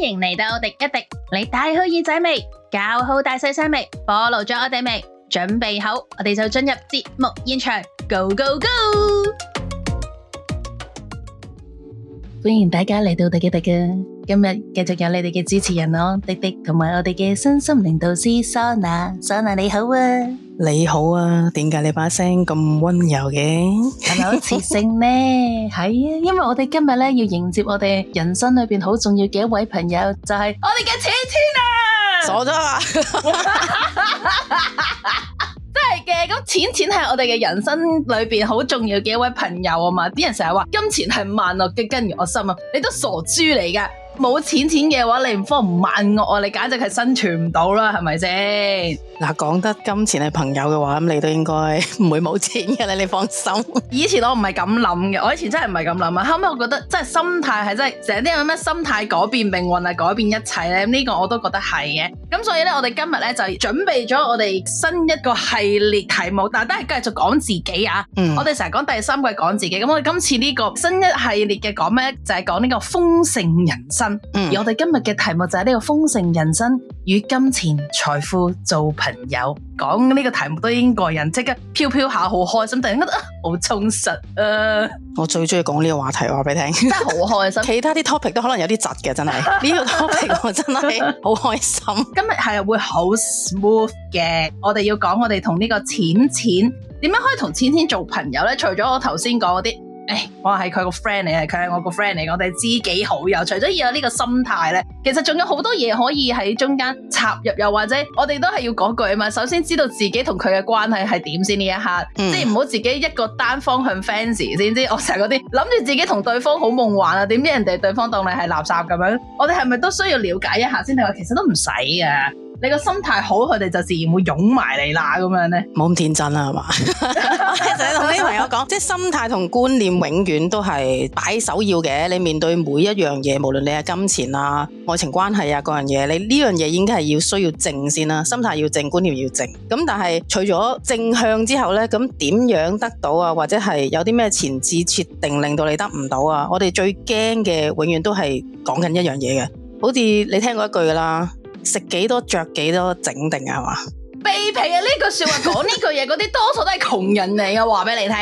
歡迎嚟到廸一廸，你帶好耳仔未？搞好大細聲未？Follow 咗我哋未？準備好，我哋就進入節目現場，Go Go Go！歡迎大家嚟到廸一廸啊！今日繼續有你哋嘅主持人咯，滴滴同埋我哋嘅身心靈導師桑娜，桑娜你好啊，你好啊，點解你把聲咁溫柔嘅，係咪好磁性咧？係啊，因為我哋今日咧要迎接我哋人生裏邊好重要嘅一位朋友，就係、是、我哋嘅錢錢啊，傻咗了啊， 真係嘅，咁錢錢係我哋嘅人生裏邊好重要嘅一位朋友啊嘛，啲人成日話金錢係萬惡嘅根源，我心啊，你都傻豬嚟㗎。冇錢錢嘅話，你唔慌唔萬惡啊！你簡直係生存唔到啦，係咪先？嗱，講得金錢係朋友嘅話，咁你都應該唔會冇錢嘅咧，你放心。 以前我唔係咁諗嘅，我以前真係唔係咁諗啊！後尾、嗯、我覺得態真係心態係真係，成日都有咩心態改變命運啊，改變一切咧。呢、這個我都覺得係嘅。咁所以咧，我哋今日咧就準備咗我哋新一個系列題目，但都係繼續講自己啊。嗯、我哋成日講第三季講自己，咁我哋今次呢個新一系列嘅講咩就係講呢個豐盛人生。嗯、而我哋今日嘅題目就係呢個豐盛人生與金錢財富做朋友，講呢個題目都已經過癮，即刻飄飄下好開心，突然覺得好充實啊！我最中意講呢個話題，我話俾你聽，真係好開心。 其他啲 topic 都可能有啲窒嘅，真係呢個 topic 我真係好開心。今日係會好 smooth 嘅，我哋要講我哋同呢個錢錢點樣可以同錢錢做朋友咧？除咗我頭先講嗰啲。哎、我係佢個 friend 嚟嘅。佢係我個 friend 嚟嘅。我哋知己好友。除咗要有呢個心態咧，其實仲有好多嘢可以喺中間插入，又或者我哋都係要講句啊嘛。首先知道自己同佢嘅關係係點先呢一刻，嗯、即係唔好自己一個單方向 fancy 先知我。我成日嗰啲諗住自己同對方好夢幻啊，點知人哋對方當你係垃圾咁樣？我哋係咪都需要了解一下先？你話其實都唔使啊？你個心態好，佢哋就自然會擁埋你啦。咁樣呢，冇咁天真啦，係嘛？就同啲朋友講，即係心態同觀念永遠都係擺首要嘅。你面對每一樣嘢，無論你係金錢啊、愛情關係啊各樣嘢，你呢樣嘢應該係要需要正先啦。心態要正，觀念要正。咁但係除咗正向之後呢，咁點樣得到啊？或者係有啲咩前置設定令到你得唔到啊？我哋最驚嘅永遠都係講緊一樣嘢嘅，好似你聽過一句噶啦。食幾多著幾多整定啊嘛，避皮啊！呢、這個、句説話講呢句嘢，嗰啲 多數都係窮人嚟嘅，話俾你聽。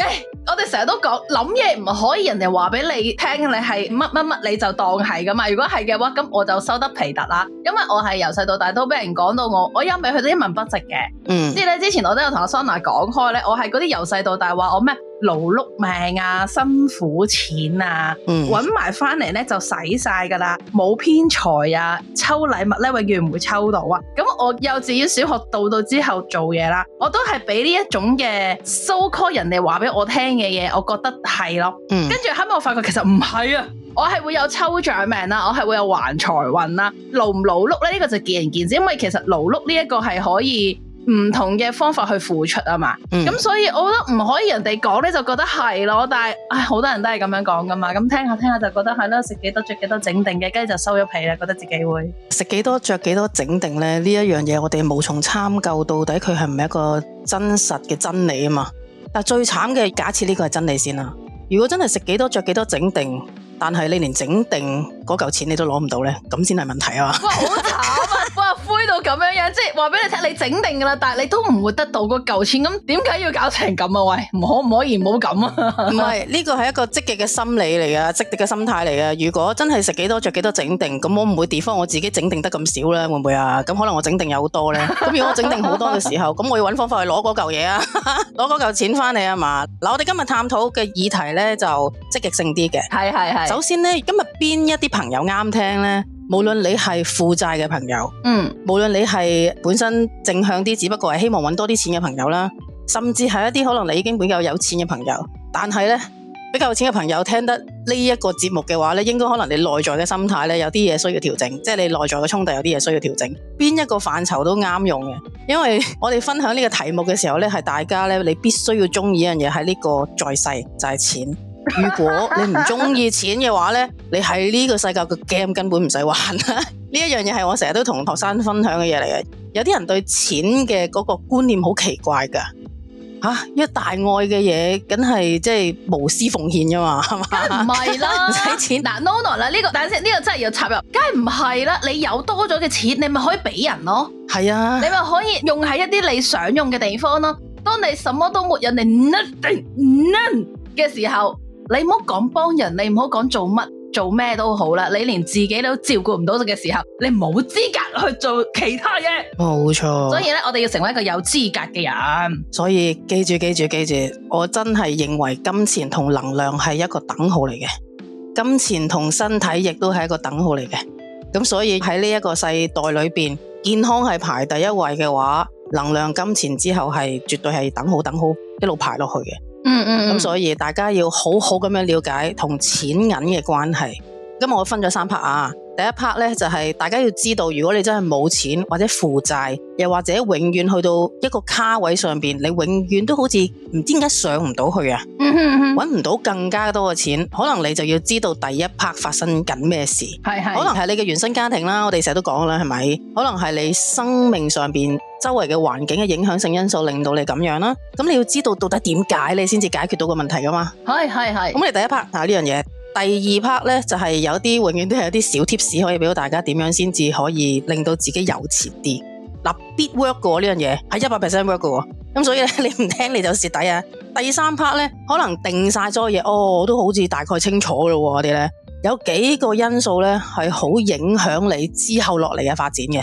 哎我哋成日都講諗嘢唔可以人哋話俾你聽，你係乜乜乜你就當係噶嘛。如果係嘅話，咁我就收得皮特啦。因為我係由細到大都俾人講到我，我去到一味佢都一文不值嘅。嗯，即係咧之前我都有同阿 Sona 講開咧，我係嗰啲由細到大話我咩勞碌命啊、辛苦錢啊，搵埋翻嚟咧就使晒噶啦，冇偏財啊，抽禮物咧永遠唔會抽到啊。咁我幼稚園、小學到到之後做嘢啦，我都係俾呢一種嘅 s、so、call 人哋話俾我聽。嘅嘢，我覺得係咯，跟住後屘我發覺其實唔係啊，我係會有抽獎命啦，我係會有還財運啦，勞唔勞碌咧呢、呢個就見仁見智，因為其實勞碌呢一個係可以唔同嘅方法去付出啊嘛，嗯，咁所以我覺得唔可以人哋講咧就覺得係咯，但係唉好多人都係咁樣講噶嘛，咁聽下聽下就覺得係咯，食幾多着幾多整定嘅，跟住就收咗皮啦，覺得自己會食幾多着幾多整定咧呢一樣嘢，我哋無從參究到底佢係唔係一個真實嘅真理啊嘛。但最慘嘅假設呢個係真理先啦。如果真係食幾多著幾多整定，但係你連整定嗰嚿錢你都攞唔到咧，咁先係問題啊嘛。好慘。 哇，灰到咁樣樣，即係話俾你聽，你整定噶啦，但係你都唔會得到嗰嚿錢，咁點解要搞成咁啊？喂，可唔可以唔好咁啊？唔 係，呢個係一個積極嘅心理嚟噶，積極嘅心態嚟噶。如果真係食幾多着幾多整定，咁我唔會地方我自己整定得咁少咧，會唔會啊？咁可能我整定有好多咧，咁如果我整定好多嘅時候，咁 我要揾方法去攞嗰嚿嘢啊，攞嗰嚿錢翻嚟啊嘛。嗱、啊，我哋今日探討嘅議題咧就積極性啲嘅，係係係。首先咧，今日邊一啲朋友啱聽咧？無論你係負債嘅朋友，嗯，無論你係本身正向啲，只不過係希望揾多啲錢嘅朋友啦，甚至係一啲可能你已經比較有錢嘅朋友，但係呢，比較有錢嘅朋友聽得呢一個節目嘅話呢，應該可能你內在嘅心態呢，有啲嘢需要調整，即係你內在嘅衝突有啲嘢需要調整。邊一個範疇都啱用嘅，因為我哋分享呢個題目嘅時候呢，係大家呢，你必須要中意一樣嘢，係呢個在世就係、是、錢。 如果你唔中意錢嘅話咧，你喺呢個世界嘅 game 根本唔使玩啦。呢一樣嘢係我成日都同學生分享嘅嘢嚟嘅。有啲人對錢嘅嗰個觀念好奇怪㗎吓、啊，因為大愛嘅嘢梗係即係無私奉獻㗎嘛，係嘛？唔係啦，唔使 錢但 no no 啦，呢、no, no，呢個等陣先，呢、呢個真係要插入，梗係唔係啦？你有多咗嘅錢，你咪可以俾人咯，係啊，你咪可以用喺一啲你想用嘅地方咯。當你什麼都沒有，你 nothing none 嘅時候。你唔好講幫人，你唔好講做乜做咩都好啦。你連自己都照顧唔到嘅時候，你冇資格去做其他嘢。冇錯。所以咧，我哋要成為一個有資格嘅人。所以記住，記住，記住，我真係認為金錢同能量係一個等號嚟嘅，金錢同身體亦都係一個等號嚟嘅。咁所以喺呢一個世代裏邊，健康係排第一位嘅話，能量、金錢之後係絕對係等號等號一路排落去嘅。嗯嗯，咁所以大家要好好咁樣了解同錢銀嘅關係。今日我分咗三 part 啊。第一 part 咧，就係、是、大家要知道，如果你真係冇錢或者負債，又或者永遠去到一個卡位上邊，你永遠都好似唔知點解上唔到去啊，揾唔、嗯嗯、到更加多嘅錢，可能你就要知道第一 part 發生緊咩事，係係，可能係你嘅原生家庭啦，我哋成日都講啦，係咪？可能係你生命上邊周圍嘅環境嘅影響性因素令到你咁樣啦，咁你要知道到底點解你先至解決到個問題噶嘛？係係係，咁嚟，第一 part 啊呢樣嘢。第二 part 咧就係、是、有啲永遠都係有啲小 tips 可以俾到大家點樣先至可以令到自己有錢啲。嗱、啊、必 work 嘅呢樣嘢係一百 percent work 嘅，咁、哦、所以咧你唔聽你就蝕底啊。第三 part 咧可能定晒咗嘢，哦，都好似大概清楚咯、哦，我哋咧有幾個因素咧係好影響你之後落嚟嘅發展嘅。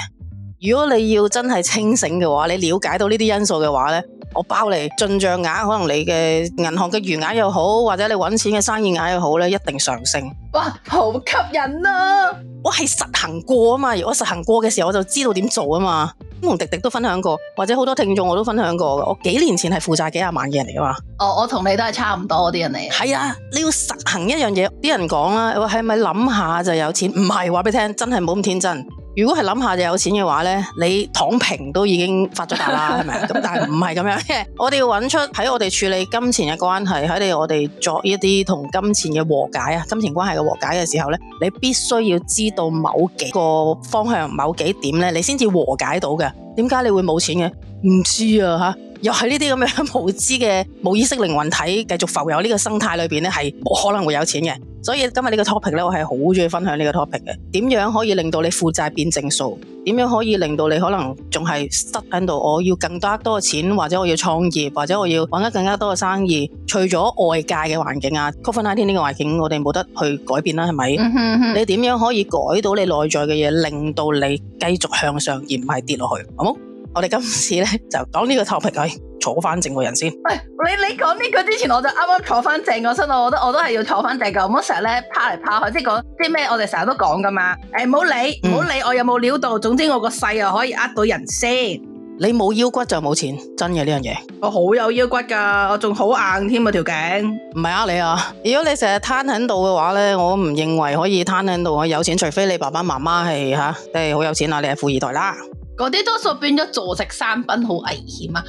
如果你要真係清醒嘅話，你了解到呢啲因素嘅話咧，我包你進賬額，可能你嘅銀行嘅餘額又好，或者你搵錢嘅生意額又好，一定上升。哇，好吸引啊！我係實行過啊嘛，我實行過嘅時候，我就知道點做啊嘛。咁同迪迪都分享過，或者好多聽眾我都分享過。我幾年前係負債幾十萬嘅人嚟噶嘛。哦，我同你都係差唔多嗰啲人嚟。係啊，你要實行一樣嘢。啲人講啦，我係咪諗下就有錢？唔係，話俾你聽，真係冇咁天真。如果係諗下就有錢嘅話咧，你躺平都已經發咗達啦，係咪？ 但係唔係咁樣嘅，我哋要揾出喺我哋處理金錢嘅關係，喺我哋作一啲同金錢嘅和解啊，金錢關係嘅和解嘅時候咧，你必須要知道某幾個方向、某幾點咧，你先至和解到嘅。點解你會冇錢嘅？唔知啊，又係呢啲咁樣無知嘅、冇意識靈魂體繼續浮游呢個生態裏面，咧，係冇可能會有錢嘅。所以今日呢個 topic 呢，我係好中意分享呢個 topic 嘅。點樣可以令到你負債變正數？點樣可以令到你可能仲係失喺度？我要更加多嘅錢，或者我要創業，或者我要揾得更加多嘅生意。除咗外界嘅環境啊，COVID-19 呢個環境我哋冇得去改變啦，係咪？Mm hmm. 你點樣可以改到你內在嘅嘢，令到你繼續向上而唔係跌落去，好冇？我哋今次咧就講呢個 topic，哎、坐翻正個人先。喂、哎，你你講呢個之前，我就啱啱坐翻正個身，我我覺得我都係要坐翻正嚿，唔好成日咧趴嚟趴去。即係講即係咩？我哋成日都講噶嘛。唔、哎、好理，唔好理我，嗯、我有冇料到，總之我個勢又可以呃到人先。你冇腰骨就冇錢，真嘅呢樣嘢。我好有腰骨噶，我仲好硬添啊條頸。唔係呃你啊，如果你成日攤喺度嘅話呢，我唔認為可以攤喺度。我有錢，除非你爸爸媽媽係吓都係好有錢啦、啊，你係富二代啦。嗰啲多數變咗坐食山崩，好危險啊！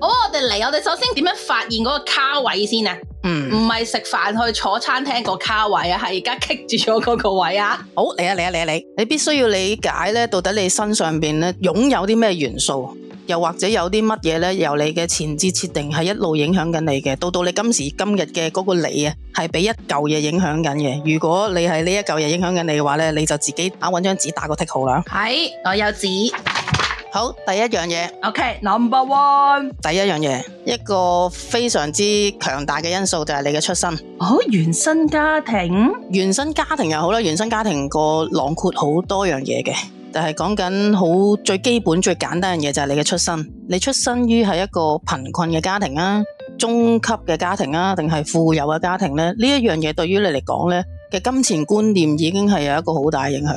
好，我哋嚟，我哋首先點樣發現嗰個卡位先啊？嗯，唔係食飯去坐餐廳個卡位啊，係而家卡住咗嗰個位啊！ 好嚟啊嚟啊嚟啊，你必須要理解咧，到底你身上面咧擁有啲咩元素？又或者有啲乜嘢咧，由你嘅前置設定係一路影響緊你嘅，到到你今時今日嘅嗰個你啊，係俾一舊嘢影響緊嘅。如果你係呢一舊嘢影響緊你嘅話咧，你就自己啱搵張紙打個 tick 號啦。係，我有紙。好，第一樣嘢。OK，Number One，第一樣嘢，一個非常之強大嘅因素就係你嘅出身。哦，原生家庭，原生家庭又好啦，原生家庭個囊括好多樣嘢嘅。就係講緊好最基本、最簡單嘅嘢，就係你嘅出身。你出身於係一個貧困嘅家庭啊，中級嘅家庭啊，定係富有嘅家庭咧？呢一樣嘢對於你嚟講咧嘅金錢觀念已經係有一個好大影響。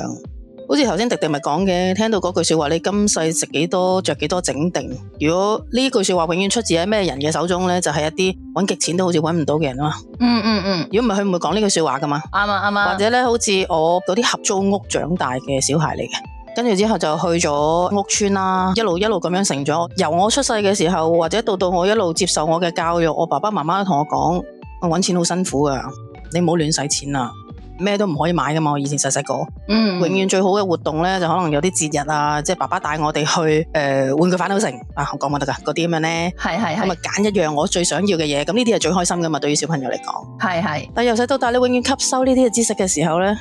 好似頭先迪迪咪講嘅，聽到嗰句説話，你今世食幾多、着幾多，整定。如果呢句説話永遠出自喺咩人嘅手中咧，就係一啲揾極錢都好似揾唔到嘅人吖嘛。嗯嗯嗯。如果唔係，佢唔會講呢句説話噶嘛。啱啊啱啊。啊啊或者咧，好似我嗰啲合租屋長大嘅小孩嚟嘅。跟住之後就去咗屋村啦，一路一路咁樣成咗。由我出世嘅時候，或者到到我一路接受我嘅教育，我爸爸媽媽都同我講，我、啊、搵錢好辛苦噶，你唔好亂使錢啊，咩都唔可以買噶嘛。我以前細細個，嗯，永遠最好嘅活動呢，就可能有啲節日啊，即係爸爸帶我哋去誒、呃，玩具反斗城啊，講得噶嗰啲咁樣呢。係係，咁啊揀一樣我最想要嘅嘢，咁呢啲係最開心噶嘛，對於小朋友嚟講，係係。但由細到大，你永遠吸收呢啲嘅知識嘅時候呢。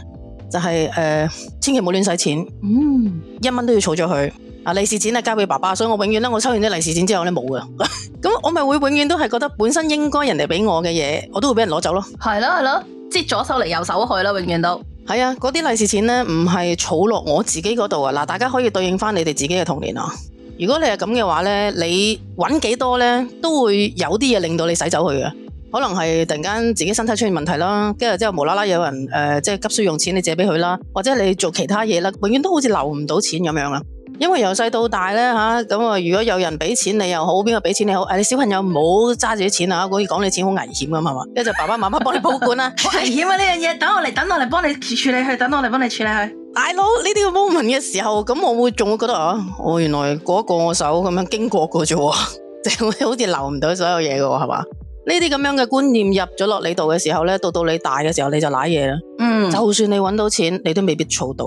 就係、是、誒、呃，千祈唔好亂使錢，嗯，一蚊都要儲咗佢。啊，利是錢咧，交俾爸爸，所以我永遠咧，我收完啲利是錢之後咧冇嘅。咁 我咪會永遠都係覺得本身應該人哋俾我嘅嘢，我都會俾人攞走咯。係咯係咯，即係左手嚟右手去啦，永遠都。係啊，嗰啲利是錢咧唔係儲落我自己嗰度啊。嗱，大家可以對應翻你哋自己嘅童年啊。如果你係咁嘅話咧，你搵幾多咧，都會有啲嘢令到你使走佢嘅。可能係突然間自己身體出現問題啦，跟住之後無啦啦有人誒、呃，即係急需用錢，你借俾佢啦，或者你做其他嘢啦，永遠都好似留唔到錢咁樣啊！因為由細到大咧吓，咁啊，如果有人俾錢你又好，邊個俾錢你好？誒、啊，你小朋友唔好揸住啲錢啊，可以講你錢好危險㗎係嘛？跟住就爸爸媽媽幫你保管啦，好危險啊！呢樣嘢等我嚟，等我嚟幫你處理佢，等我嚟幫你處理佢。大佬呢啲 moment 嘅時候，咁我會仲會覺得啊，我、哦、原來過一過我手咁樣經過過啫、哦，就 會好似留唔到所有嘢㗎係嘛？呢啲咁樣嘅觀念入咗落你度嘅時候咧，到到你大嘅時候，你就瀨嘢啦。嗯，就算你揾到錢，你都未必儲到。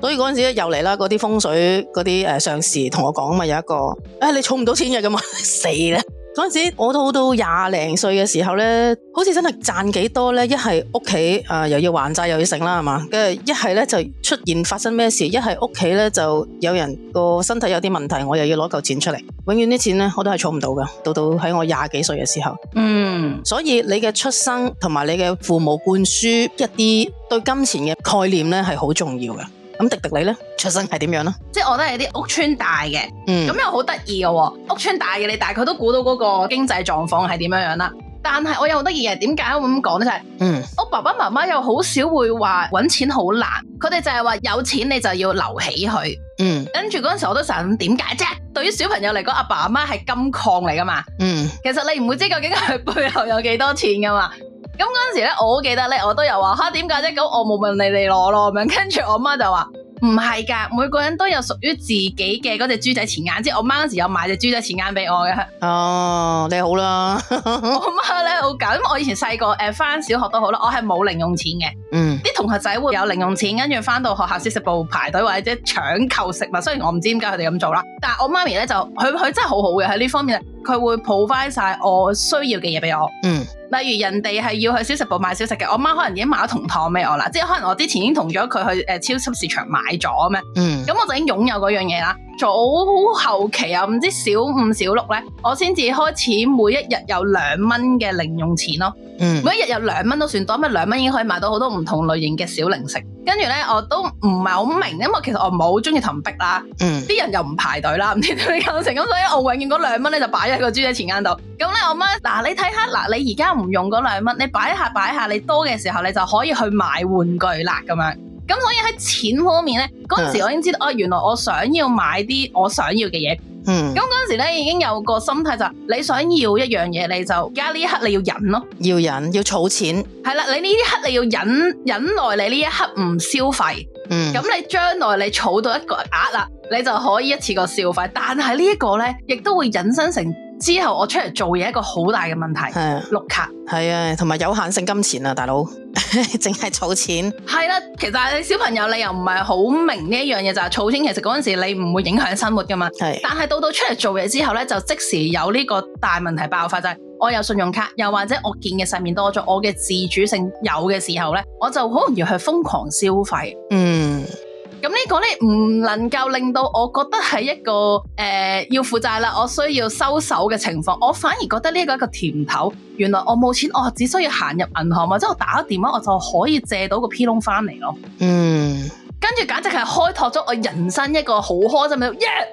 所以嗰陣時咧又嚟啦，嗰啲風水嗰啲誒上士同我講啊嘛，有一個，誒、哎、你儲唔到錢嘅咁咪死啦！嗰陣時，我都好到廿零歲嘅時候呢，好似真係賺幾多呢？一係屋企又要還債又要剩啦，係嘛，跟住一係呢，就出現發生咩事，一係屋企咧就有人個身體有啲問題，我又要攞嚿錢出嚟，永遠啲錢呢，我都係儲唔到噶，到到喺我廿幾歲嘅時候，嗯，所以你嘅出生同埋你嘅父母灌輸一啲對金錢嘅概念呢，係好重要嘅。咁迪迪，你咧出身係點樣咧？即係我覺得係啲屋村大嘅，嗯，咁又好得意嘅喎。屋村大嘅你大概都估到嗰個經濟狀況係點樣樣啦。但係我又好得意嘅，點解會咁講咧？就係、是，嗯，我爸爸媽媽又好少會話搵錢好難，佢哋就係話有錢你就要留起佢，嗯。跟住嗰陣時我都想，點解啫？對於小朋友嚟講，阿爸阿媽係金礦嚟噶嘛，嗯。其實你唔會知究竟佢背後有幾多錢噶嘛。咁嗰陣時咧，我好記得咧，我都、啊、有話嚇，點解啫？咁我冇問你嚟攞咯，咁樣跟住我媽就話。唔係㗎，每個人都有屬於自己嘅嗰隻豬仔錢罌，即係我媽嗰時有買隻豬仔錢罌俾我嘅。哦、啊，你好啦， 我媽咧好緊，因為我以前細個誒返小學都好啦，我係冇零用錢嘅。嗯，啲同學仔會有零用錢，跟住返到學校小食部排隊或者搶購食物。雖然我唔知點解佢哋咁做啦，但係我媽咪咧就佢佢真係好好嘅喺呢方面，佢會 provide 晒我需要嘅嘢俾我。嗯，例如人哋係要去小食部買小食嘅，我媽可能已經買咗糖俾我啦，即係可能我之前已經同咗佢去誒超級市場買。買咗咩？咁、嗯、我就已經擁有嗰樣嘢啦。早後期啊，唔知小五小六咧，我先至開始每一日有兩蚊嘅零用錢咯。嗯、每一日有兩蚊都算多，咩兩蚊已經可以買到好多唔同類型嘅小零食。跟住咧，我都唔係好明，因為其實我唔係好中意囤逼啦。啲、嗯、人又唔排隊啦，唔知點解成咁，所以我永遠嗰兩蚊咧就擺喺個豬仔錢間度。咁咧，我媽，嗱你睇下，嗱你而家唔用嗰兩蚊，你擺下擺下，你多嘅時候你就可以去買玩具啦，咁樣。咁所以喺錢方面咧，嗰陣時我已經知道哦、哎，原來我想要買啲我想要嘅嘢。嗯。咁嗰陣時咧已經有個心態就係，你想要一樣嘢，你就而家呢一刻你要忍咯。要忍，要儲錢。係啦，你呢一刻你要忍忍耐，你呢一刻唔消費。嗯。咁你將來你儲到一個額啦，你就可以一次過消費。但係呢一個咧，亦都會引申成。之後我出嚟做嘢一個好大嘅問題，係，碌卡係啊，同埋啊、有，有限性金錢啊，大佬，淨係儲錢係啦、啊。其實你小朋友你又唔係好明呢一樣嘢就係、是、儲錢。其實嗰陣時你唔會影響生活噶嘛。係、啊，但係到到出嚟做嘢之後咧，就即時有呢個大問題爆發，就係、是、我有信用卡，又或者我見嘅世面多咗，我嘅自主性有嘅時候咧，我就好容易去瘋狂消費。嗯。咁呢個咧，唔能夠令到我覺得係一個誒、呃、要負債啦，我需要收手嘅情況，我反而覺得呢個係一個甜頭，原來我冇錢，我只需要行入銀行或者我打個電話，我就可以借到個 P 窿翻嚟咯。嗯。跟住簡直係開拓咗我人生一個好開心，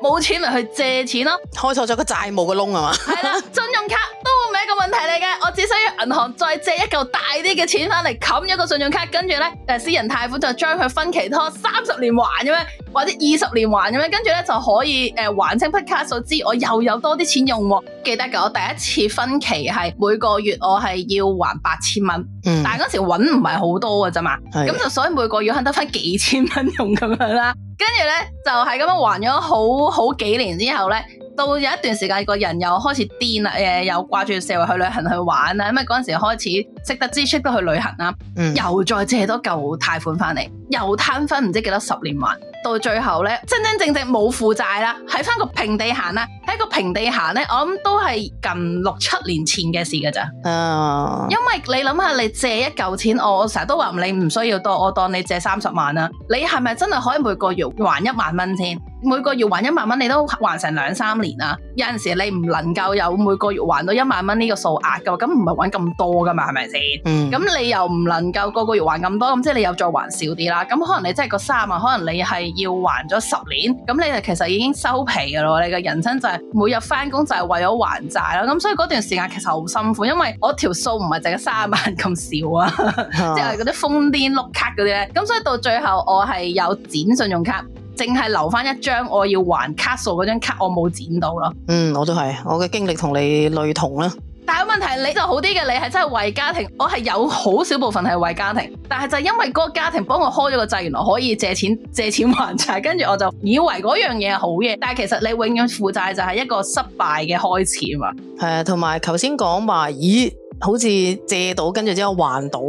冇錢咪去借錢咯，開拓咗個債務嘅窿係嘛？係啦，信用卡都唔係個問題嚟嘅，我只需要銀行再借一嚿大啲嘅錢翻嚟冚一個信用卡，跟住呢，私人貸款就將佢分期拖三十年還嘅或者二十年還咁樣，跟住咧就可以誒、呃、還清筆卡數之後，我又有多啲錢用喎、啊。記得㗎，我第一次分期係每個月我係要還八千蚊，嗯、但係嗰時揾唔係好多㗎啫嘛，咁是的 就所以每個月肯得返幾千蚊用咁樣啦、啊。跟住咧就係、是、咁樣還咗好好幾年之後咧。到有一段時間，個人又開始癲啦，誒又掛住四圍去旅行去玩啦，咁啊嗰陣時開始識得支出都去旅行啦，嗯、又再借多嚿貸款翻嚟，又攤分唔知幾多十年還，到最後咧真真正正冇負債啦，喺翻個平地行啦，喺個平地行咧，我諗都係近六七年前嘅事㗎咋，啊、因為你諗下你借一嚿錢，我成日都話唔你唔需要多，我當你借三十萬啦，你係咪真係可以每個月還一萬蚊先？每個月還一萬蚊，你都還成兩三年啦。有陣時你唔能夠有每個月還到一萬蚊呢個數額噶，咁唔係還咁多噶嘛，係咪先？嗯。咁你又唔能夠個個月還咁多，咁即係你又再還少啲啦。咁可能你真係個三萬，可能你係要還咗十年，咁你就其實已經收皮噶咯。你嘅人生就係每日返工就係為咗還債啦。咁所以嗰段時間其實好辛苦，因為我條數唔係淨係三萬咁少啊， 即係嗰啲瘋癲碌卡嗰啲咧。咁所以到最後我係有剪信用卡。淨係留翻一張我要還卡數嗰張卡，我冇剪到咯。嗯，我都係，我嘅經歷同你類同啦。但係個問題，你就好啲嘅，你係真係為家庭，我係有好少部分係為家庭，但係就係因為嗰個家庭幫我開咗個掣，原來可以借錢借錢還債，跟住我就以為嗰樣嘢係好嘢，但係其實你永遠負債就係一個失敗嘅開始啊嘛。係啊，同埋頭先講話，咦，好似借到，跟住之後還到，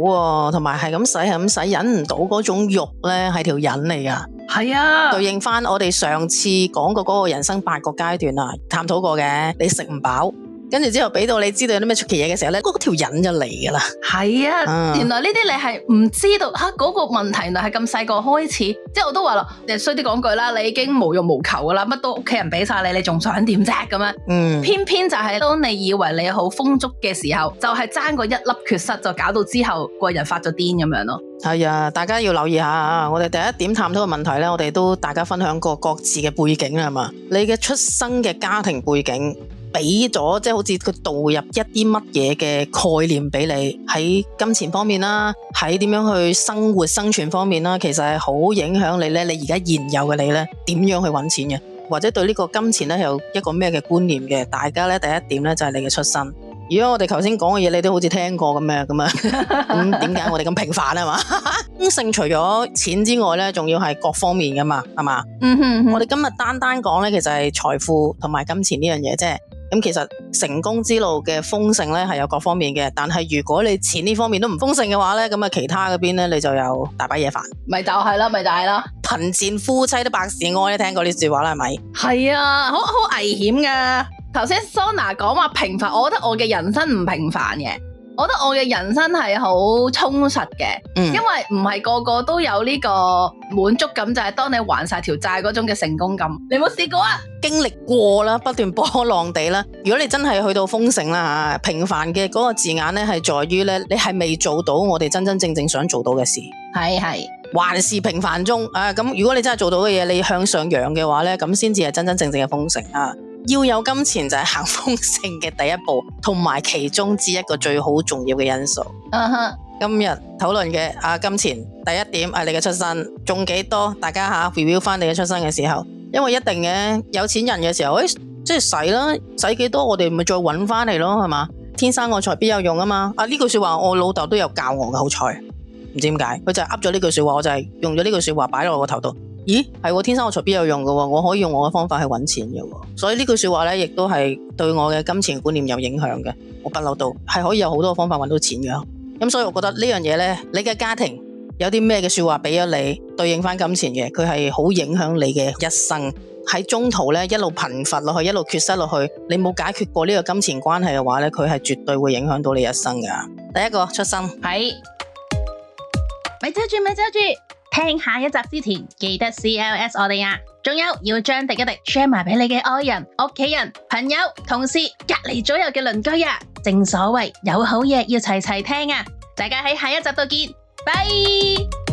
同埋係咁使係咁使，忍唔到嗰種肉咧，係條癮嚟噶。係啊，對應翻我哋上次講過嗰個人生八個階段啊，探討過嘅，你食唔飽。跟住之後俾到你知道有啲咩出奇嘢嘅時候咧，嗰條癮就嚟噶啦。係啊，啊原來呢啲你係唔知道吓嗰、啊嗰個問題，原來係咁細個開始。即係我都話咯，你衰啲講句啦，你已經無欲無求噶啦，乜都屋企人俾晒你，你仲想點啫咁樣？樣嗯，偏偏就係當你以為你好豐足嘅時候，就係爭個一粒缺失，就搞到之後個人發咗癲咁樣咯。係啊，大家要留意下啊！我哋第一點探討嘅問題呢，我哋都大家分享過各自嘅背景啦，係嘛？你嘅出生嘅家庭背景。俾咗即係好似佢導入一啲乜嘢嘅概念俾你喺金錢方面啦，喺點樣去生活生存方面啦，其實係好影響你咧。你而家現有嘅你咧點樣去揾錢嘅，或者對呢個金錢咧有一個咩嘅觀念嘅？大家咧第一點咧就係你嘅出身。如果我哋頭先講嘅嘢你都好似聽過咁樣咁啊，咁點解我哋咁平凡啊嘛，性除咗錢之外咧，仲要係各方面噶嘛，係嘛？嗯哼哼，我哋今日單單講咧，其實係財富同埋金錢呢樣嘢啫。咁其實成功之路嘅豐盛咧，係有各方面嘅。但係如果你錢呢方面都唔豐盛嘅話呢，咁啊其他嗰邊咧，你就有大把嘢煩。咪就係啦，咪就係、是、啦。貧賤夫妻都百事哀，聽過呢句話啦係咪？係啊，好，好危險噶。頭先 Sona 講話平凡，我覺得我嘅人生唔平凡嘅。我覺得我嘅人生係好充實嘅，嗯、因為唔係個個都有呢個滿足感，就係、是、當你還晒條債嗰種嘅成功感。你有冇試過啊？經歷過啦，不斷波浪地啦。如果你真係去到豐盛啦吓，平凡嘅嗰個字眼呢係在於咧，你係未做到我哋真真正正想做到嘅事。係係是，還是平凡中啊？咁如果你真係做到嘅嘢，你向上揚嘅話呢，咁先至係真真正正嘅豐盛啊！要有金錢就係行豐盛嘅第一步，同埋其中之一個最好重要嘅因素。Uh huh. 今日討論嘅啊金錢，第一點係、啊、你嘅出身，中幾多？大家吓 review 翻你嘅出身嘅時候，因為一定嘅有錢人嘅時候，誒、欸、即係使啦，使幾多我哋咪再揾翻嚟咯，係嘛？天生我材必有用啊嘛！啊呢句說話我老豆都有教我嘅，好彩唔知點解佢就係噏咗呢句說話，我就係用咗呢句說話擺落我個頭度。咦，天生我材必有用嘅喎，我可以用我嘅方法去搵錢嘅喎，所以這句呢句說話咧，亦都係對我嘅金錢觀念有影響嘅。我不嬲都係可以有好多方法搵到錢嘅，咁、嗯、所以我覺得呢樣嘢呢，你嘅家庭有啲咩嘅說話俾咗你，對應翻金錢嘅，佢係好影響你嘅一生。喺中途呢，一路貧乏落去，一路缺失落去，你冇解決過呢個金錢關係嘅話呢，佢係絕對會影響到你一生嘅。第一個出生，係咪揸住咪揸住？是聽下一集之前，記得 C L S 我哋啊，仲有要將廸一廸 share 埋俾你嘅愛人、屋企人、朋友、同事、隔籬左右嘅鄰居啊！正所謂有好嘢要齊齊聽啊！大家喺下一集度見，拜。